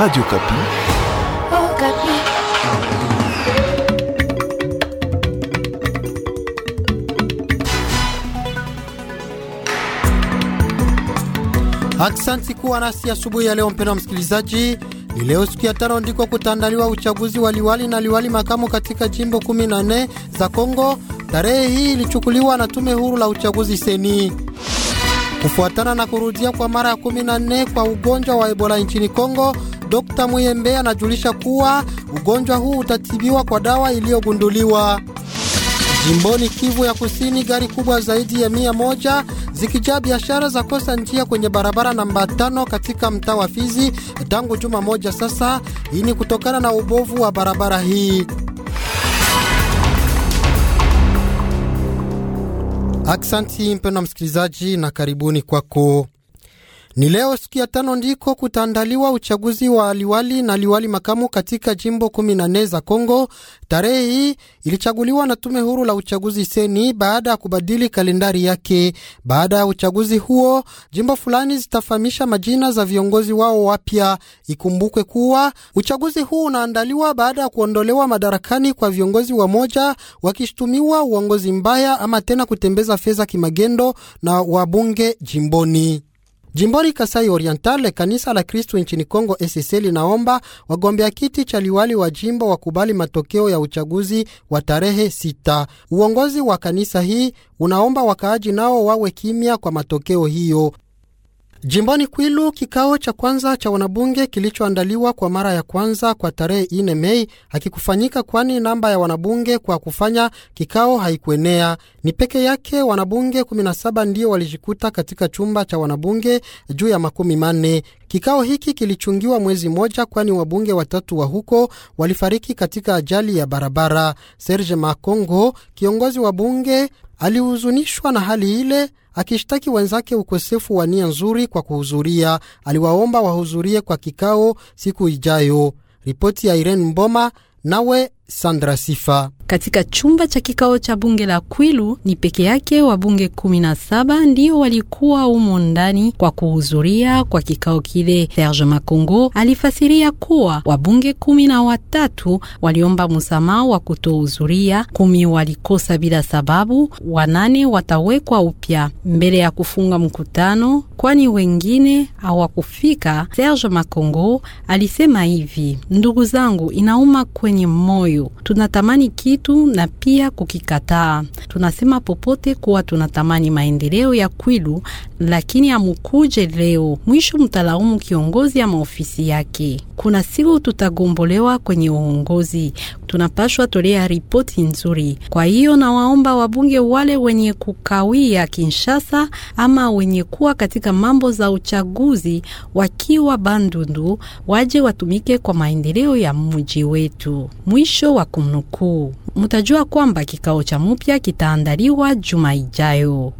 Radio Kapi. Oh, Kapi. Aksanti kuwa nasi asubuhi ya, ya leo mpendwa msikilizaji. Ni leo siku ya tano ndiko kutandaliwa uchaguzi wa liwali na liwali makamu katika jimbo 14 za Kongo. Tarehe hii ilichukuliwa na tume huru la uchaguzi seni kufuatana na kurudia kwa mara ya 14 kwa ugonjwa wa Ebola nchini Kongo. Dr. Muyembe anajulisha kuwa ugonjwa huu utatibiwa kwa dawa iliyogunduliwa. Jimboni Kivu ya Kusini, gari kubwa zaidi ya mia moja zikijaa biashara za kosa njia kwenye barabara namba tano katika mtaa wa Fizi tangu juma moja sasa. Hii ni kutokana na ubovu wa barabara hii. Aksanti mpendwa msikilizaji, na karibuni kwako. Ni leo siku ya tano ndiko kutaandaliwa uchaguzi wa liwali na liwali makamu katika jimbo nne za Kongo. Tarehe hii ilichaguliwa na tume huru la uchaguzi seni baada ya kubadili kalendari yake. Baada ya uchaguzi huo, jimbo fulani zitafahamisha majina za viongozi wao wapya. Ikumbukwe kuwa uchaguzi huu unaandaliwa baada ya kuondolewa madarakani kwa viongozi wamoja wakishutumiwa uongozi mbaya ama tena kutembeza fedha kimagendo na wabunge jimboni. Jimboni Kasai Oriental, kanisa la kristu nchini Kongo ECC linaomba wagombea kiti cha liwali wa jimbo wakubali matokeo ya uchaguzi wa tarehe sita. Uongozi wa kanisa hii unaomba wakaaji nao wawe kimya kwa matokeo hiyo. Jimboni Kwilu, kikao cha kwanza cha wanabunge kilichoandaliwa kwa mara ya kwanza kwa tarehe ine Mei hakikufanyika kwani namba ya wanabunge kwa kufanya kikao haikuenea. Ni peke yake wanabunge 17 ndio walijikuta katika chumba cha wanabunge juu ya makumi manne. Kikao hiki kilichungiwa mwezi mmoja, kwani wabunge watatu wa huko walifariki katika ajali ya barabara. Serge Makongo, kiongozi wa bunge, alihuzunishwa na hali ile akishtaki wenzake ukosefu wa nia nzuri kwa kuhudhuria. Aliwaomba wahudhurie kwa kikao siku ijayo. Ripoti ya Irene Mboma nawe Sandra Sifa. Katika chumba cha kikao cha bunge la Kwilu ni peke yake wabunge saba ndio walikuwa umo ndani kwa kuhudhuria kwa kikao kile. Serge Makongo alifasiria kuwa wabunge kumi na watatu waliomba msamaha wa kutohudhuria, kumi walikosa bila sababu, wanane watawekwa upya mbele ya kufunga mkutano, kwani wengine hawakufika. Serge Makongo alisema hivi: ndugu zangu, inauma kwenye moyo, tunatamani kitu yetu na pia kukikataa. Tunasema popote kuwa tunatamani maendeleo ya Kwilu, lakini amukuje leo, mwisho mtalaumu kiongozi ama ofisi yake. Kuna siku tutagombolewa kwenye uongozi tunapashwa tolea ripoti nzuri. Kwa hiyo nawaomba wabunge wale wenye kukawia Kinshasa ama wenye kuwa katika mambo za uchaguzi wakiwa Bandundu waje watumike kwa maendeleo ya mji wetu. Mwisho wa kumnukuu. mutajua kwamba kikao cha mupya kitaandaliwa juma ijayo.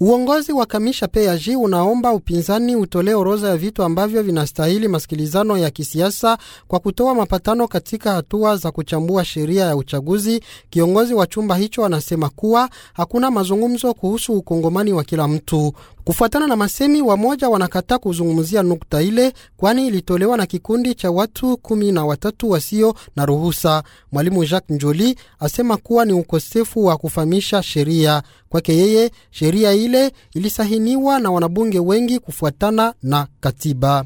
Uongozi wa Kamisha PAG unaomba upinzani utolee orodha ya vitu ambavyo vinastahili masikilizano ya kisiasa kwa kutoa mapatano katika hatua za kuchambua sheria ya uchaguzi. Kiongozi wa chumba hicho anasema kuwa hakuna mazungumzo kuhusu ukongomani wa kila mtu. Kufuatana na masemi, wamoja wanakataa kuzungumzia nukta ile, kwani ilitolewa na kikundi cha watu kumi na watatu wasio na ruhusa. Mwalimu Jacques Njoli asema kuwa ni ukosefu wa kufahamisha sheria. Kwake yeye, sheria ile ilisahiniwa na wanabunge wengi kufuatana na katiba.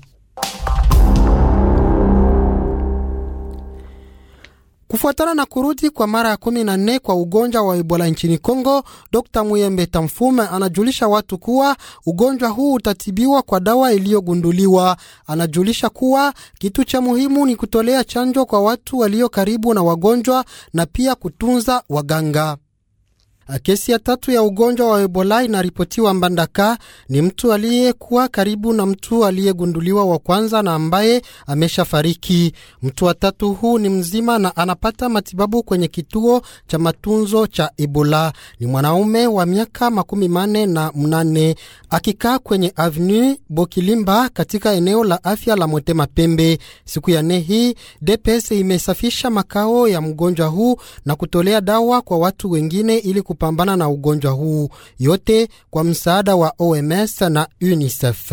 Kufuatana na kurudi kwa mara ya kumi na nne kwa ugonjwa wa Ebola nchini congo Dr Muyembe Tamfume anajulisha watu kuwa ugonjwa huu utatibiwa kwa dawa iliyogunduliwa. Anajulisha kuwa kitu cha muhimu ni kutolea chanjo kwa watu walio karibu na wagonjwa na pia kutunza waganga. Kesi ya tatu ya ugonjwa wa Ebola inaripotiwa Mbandaka. Ni mtu aliyekuwa karibu na mtu aliyegunduliwa wa kwanza na ambaye ameshafariki. Mtu wa tatu huu ni mzima na anapata matibabu kwenye kituo cha matunzo cha Ebola. Ni mwanaume wa miaka makumi manne na mnane akikaa kwenye Avenue Bokilimba katika eneo la afya la Motema Pembe. Siku ya nne hii DPS imesafisha makao ya mgonjwa huu na kutolea dawa kwa watu wengine ili kupambana na ugonjwa huu, yote kwa msaada wa OMS na UNICEF.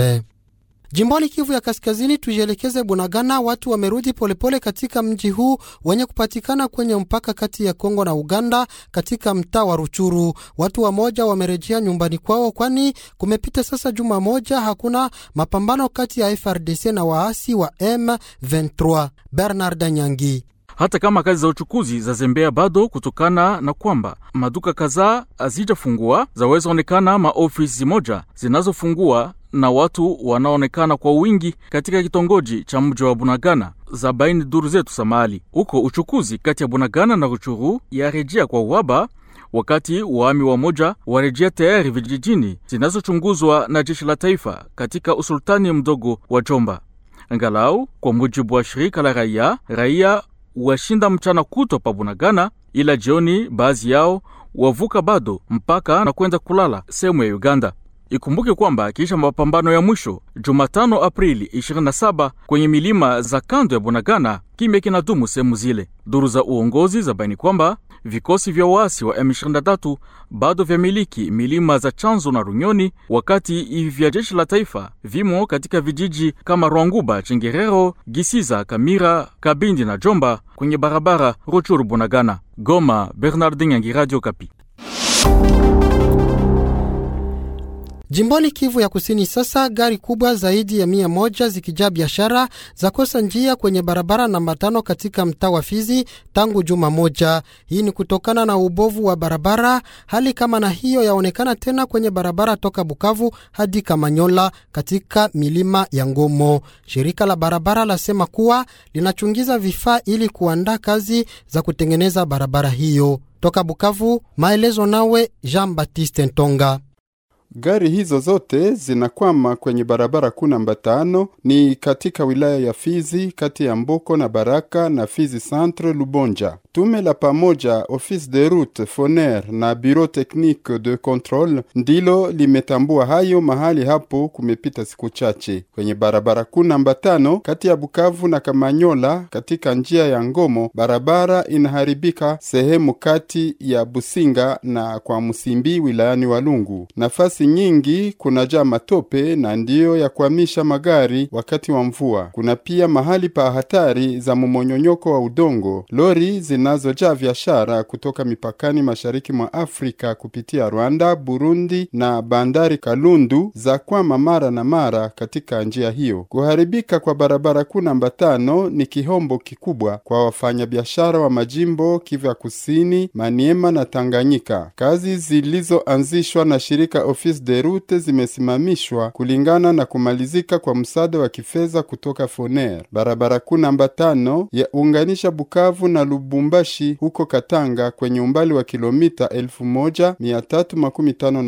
Jimboni Kivu ya Kaskazini, tujielekeze Bunagana. Watu wamerudi polepole katika mji huu wenye kupatikana kwenye mpaka kati ya Kongo na Uganda, katika mtaa wa Ruchuru. Watu wamoja wamerejea nyumbani kwao, kwani kumepita sasa juma moja hakuna mapambano kati ya FRDC na waasi wa M23. Bernard Nyangi hata kama kazi za uchukuzi zazembea bado kutokana na kwamba maduka kadhaa hazijafungua. zawezaonekana maofisi moja zinazofungua na watu wanaonekana kwa wingi katika kitongoji cha mji wa Bunagana za baini duru zetu Samali. Huko uchukuzi kati ya Bunagana na Ruchuru yarejea kwa uhaba wakati waami wa moja warejea tayari vijijini zinazochunguzwa na jeshi la taifa katika usultani mdogo wa Jomba. Angalau kwa mujibu wa shirika la raia, raia washinda mchana kutwa pabunagana, ila jioni baadhi yao wavuka bado mpaka na kwenda kulala sehemu ya Uganda. Ikumbuke kwamba kisha mapambano ya mwisho Jumatano Aprili 27 kwenye milima za kando ya Bunagana, kimya kinadumu sehemu zile. Duru za uongozi za baini kwamba vikosi vya waasi wa M23 bado vya miliki milima za Chanzo na Runyoni, wakati vya jeshi la taifa vimo katika vijiji kama Rwanguba, Chengerero, Gisiza, Kamira, Kabindi na Jomba kwenye barabara Ruchuru Bunagana. Goma, Bernardin Yangi, Radio Kapi. Jimboni Kivu ya Kusini, sasa gari kubwa zaidi ya mia moja zikijaa biashara za kosa njia kwenye barabara namba tano katika mtaa wa Fizi tangu juma moja. Hii ni kutokana na ubovu wa barabara. Hali kama na hiyo yaonekana tena kwenye barabara toka Bukavu hadi Kamanyola katika milima ya Ngomo. Shirika la barabara lasema kuwa linachungiza vifaa ili kuandaa kazi za kutengeneza barabara hiyo. Toka Bukavu, maelezo nawe Jean Baptiste Ntonga. Gari hizo zote zinakwama kwenye barabara kuu namba tano, ni katika wilaya ya Fizi kati ya Mboko na Baraka na Fizi Centre Lubonja. Tume la pamoja Office de Route, Foner na Bureau Technique de Control ndilo limetambua hayo mahali hapo kumepita siku chache kwenye barabara kuu namba tano kati ya Bukavu na Kamanyola katika njia ya Ngomo. Barabara inaharibika sehemu kati ya Businga na kwa Msimbi wilayani Walungu. Nafasi nyingi kunajaa matope na ndiyo ya kuhamisha magari wakati wa mvua. Kuna pia mahali pa hatari za mumonyonyoko wa udongo. Lori zinazojaa biashara kutoka mipakani mashariki mwa Afrika kupitia Rwanda, Burundi na bandari Kalundu za kwama mara na mara katika njia hiyo. Kuharibika kwa barabara kuu namba tano ni kihombo kikubwa kwa wafanyabiashara wa majimbo Kivu ya Kusini, Maniema na Tanganyika. Kazi zilizoanzishwa na shirika Office de Route zimesimamishwa kulingana na kumalizika kwa msaada wa kifedha kutoka Foner. Barabara kuu namba tano yaunganisha Bukavu na Lubumbashi Lubumbashi huko Katanga kwenye umbali wa kilomita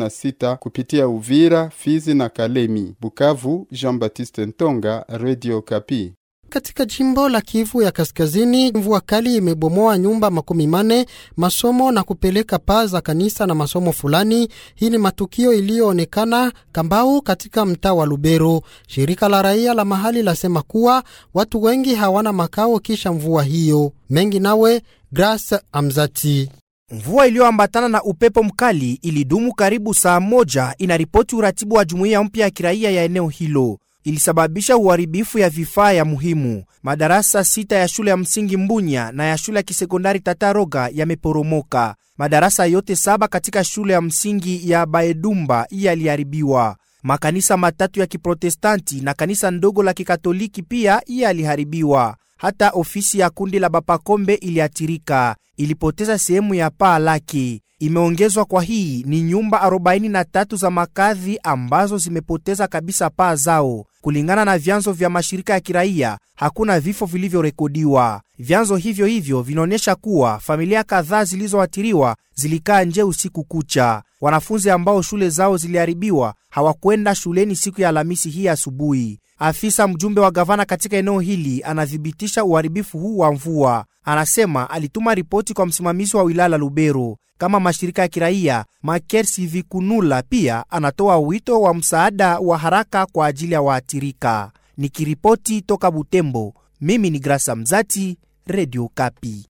sita kupitia Uvira, Fizi na Kalemi. Bukavu, Jean Baptiste Ntonga, Radio Kapi. Katika jimbo la Kivu ya Kaskazini, mvua kali imebomoa nyumba makumi mane, masomo na kupeleka paa za kanisa na masomo fulani. Hii ni matukio iliyoonekana Kambau katika mtaa wa Lubero. Shirika la raia la mahali lasema kuwa watu wengi hawana makao kisha mvua hiyo. Mengi nawe Gras Amzati. Mvua iliyoambatana na upepo mkali ilidumu karibu saa moja, inaripoti uratibu wa jumuiya mpya ya kiraia ya eneo hilo ilisababisha uharibifu ya vifaa ya muhimu. Madarasa sita ya shule ya msingi Mbunya na ya shule ya kisekondari Tataroga yameporomoka. Madarasa yote saba katika shule ya msingi ya Baedumba yaliharibiwa. Makanisa matatu ya Kiprotestanti na kanisa ndogo la Kikatoliki pia yaliharibiwa hata ofisi ya kundi la Bapakombe iliathirika, ilipoteza sehemu ya paa lake. Imeongezwa kwa hii ni nyumba 43 za makazi ambazo zimepoteza kabisa paa zao. Kulingana na vyanzo vya mashirika ya kiraia, hakuna vifo vilivyorekodiwa. Vyanzo hivyo hivyo vinaonyesha kuwa familia kadhaa zilizoathiriwa zilikaa nje usiku kucha. Wanafunzi ambao shule zao ziliharibiwa hawakwenda shuleni siku ya Alhamisi hii asubuhi. Afisa mjumbe wa gavana katika eneo hili anathibitisha uharibifu huu wa mvua. Anasema alituma ripoti kwa msimamizi wa wilaya la Lubero. Kama mashirika ya kiraia, Maker Sivikunula pia anatoa wito wa msaada wa haraka kwa ajili ya waathirika. Nikiripoti toka Butembo, mimi ni Grasa Mzati Radio Kapi.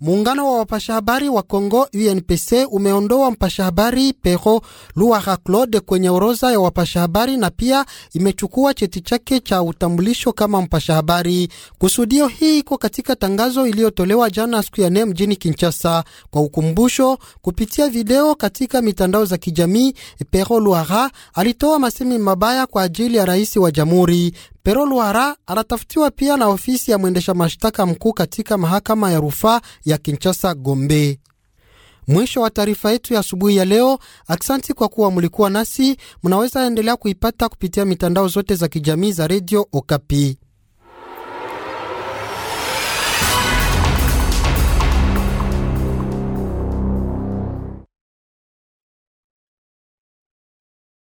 Muungano wa wapasha habari wa congo UNPC umeondoa mpasha habari Pero Luara Claude kwenye orodha ya wapasha habari na pia imechukua cheti chake cha utambulisho kama mpasha habari. Kusudio hii iko katika tangazo iliyotolewa jana siku ya nne mjini Kinshasa kwa ukumbusho kupitia video katika mitandao za kijamii. Pero Luara alitoa masemi mabaya kwa ajili ya rais wa jamhuri. Pero Luara anatafutiwa pia na ofisi ya mwendesha mashtaka mkuu katika mahakama ya rufaa ya Kinshasa Gombe. Mwisho wa taarifa yetu ya asubuhi ya leo. Aksanti kwa kuwa mulikuwa nasi. Mnaweza endelea kuipata kupitia mitandao zote za kijamii za redio Okapi.